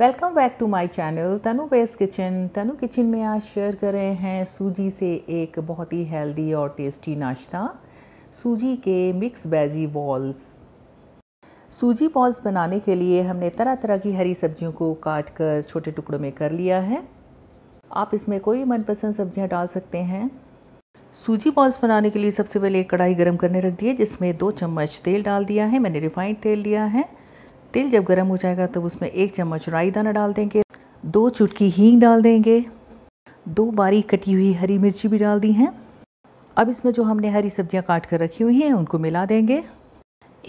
welcome back to my channel Tanu base kitchen Tanu kitchen में आज share कर रहे हैं सूजी से एक बहुत ही हेल्दी और टेस्टी नाश्ता सूजी के मिक्स वेजी बॉल्स सूजी बॉल्स बनाने के लिए हमने तरह तरह की हरी सब्जियों को काट कर छोटे टुकड़ों में कर लिया है आप इसमें कोई मनपसंद सब्जियां डाल सकते हैं सूजी बॉल्स बनाने के लिए सबसे पहले एक कढ़ाई गर्म करने रख दिए जिसमें दो चम्मच तेल डाल दिया है मैंने रिफाइंड तेल लिया है तेल जब गर्म हो जाएगा तब उसमें एक चम्मच राई दाना डाल देंगे दो चुटकी हींग डाल देंगे दो बारीक कटी हुई हरी मिर्ची भी डाल दी हैं अब इसमें जो हमने हरी सब्जियां काट कर रखी हुई हैं उनको मिला देंगे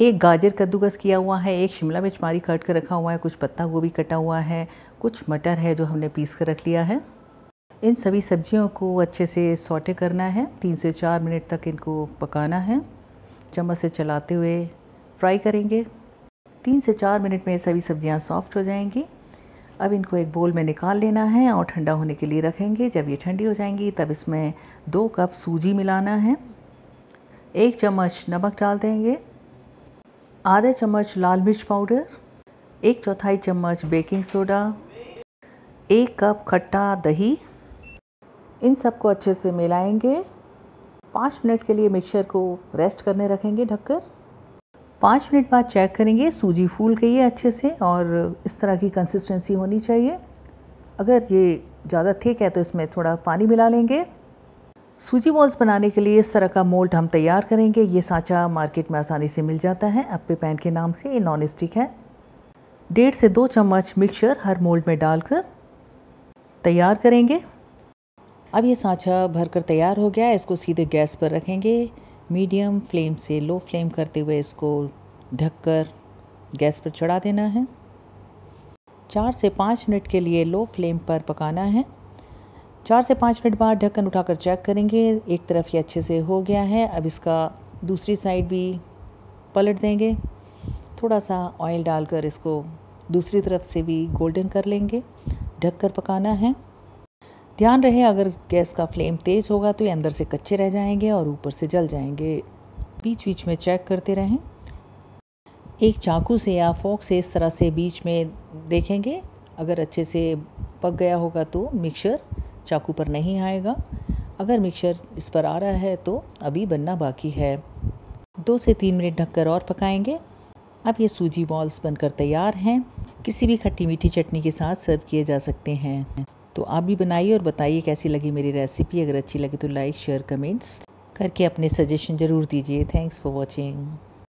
एक गाजर कद्दूकस किया हुआ है एक शिमला मिर्च मारी काट कर रखा हुआ है कुछ पत्ता गोभी कटा हुआ है कुछ मटर है जो हमने पीस कर रख लिया है इन सभी सब्जियों को अच्छे से सोटे करना है तीन से चार मिनट तक इनको पकाना है चम्मच से चलाते हुए फ्राई करेंगे तीन से चार मिनट में सभी सब्जियां सॉफ्ट हो जाएंगी अब इनको एक बोल में निकाल लेना है और ठंडा होने के लिए रखेंगे जब ये ठंडी हो जाएंगी तब इसमें दो कप सूजी मिलाना है एक चम्मच नमक डाल देंगे आधा चम्मच लाल मिर्च पाउडर एक चौथाई चम्मच बेकिंग सोडा एक कप खट्टा दही इन सबको अच्छे से मिलाएंगे पाँच मिनट के लिए मिक्सर को रेस्ट करने रखेंगे ढककर पाँच मिनट बाद चेक करेंगे सूजी फूल गई है अच्छे से और इस तरह की कंसिस्टेंसी होनी चाहिए अगर ये ज़्यादा थिक है तो इसमें थोड़ा पानी मिला लेंगे सूजी बॉल्स बनाने के लिए इस तरह का मोल्ड हम तैयार करेंगे ये सांचा मार्केट में आसानी से मिल जाता है अप्पे पैन के नाम से ये नॉन स्टिक है डेढ़ से दो चम्मच मिक्सचर हर मोल्ड में डालकर तैयार करेंगे अब ये सांचा भरकर तैयार हो गया है इसको सीधे गैस पर रखेंगे मीडियम फ्लेम से लो फ्लेम करते हुए इसको ढककर गैस पर चढ़ा देना है चार से पाँच मिनट के लिए लो फ्लेम पर पकाना है चार से पाँच मिनट बाद ढक्कन उठाकर चेक करेंगे एक तरफ ये अच्छे से हो गया है अब इसका दूसरी साइड भी पलट देंगे थोड़ा सा ऑयल डालकर इसको दूसरी तरफ से भी गोल्डन कर लेंगे ढककर पकाना है ध्यान रहे अगर गैस का फ्लेम तेज़ होगा तो ये अंदर से कच्चे रह जाएंगे और ऊपर से जल जाएंगे बीच बीच में चेक करते रहें एक चाकू से या फोक से इस तरह से बीच में देखेंगे अगर अच्छे से पक गया होगा तो मिक्सर चाकू पर नहीं आएगा अगर मिक्सर इस पर आ रहा है तो अभी बनना बाकी है दो से तीन मिनट ढककर और पकाएंगे अब ये सूजी बॉल्स बनकर तैयार हैं किसी भी खट्टी मीठी चटनी के साथ सर्व किए जा सकते हैं तो आप भी बनाइए और बताइए कैसी लगी मेरी रेसिपी अगर अच्छी लगी तो लाइक शेयर कमेंट्स करके अपने सजेशन ज़रूर दीजिए थैंक्स फॉर वॉचिंग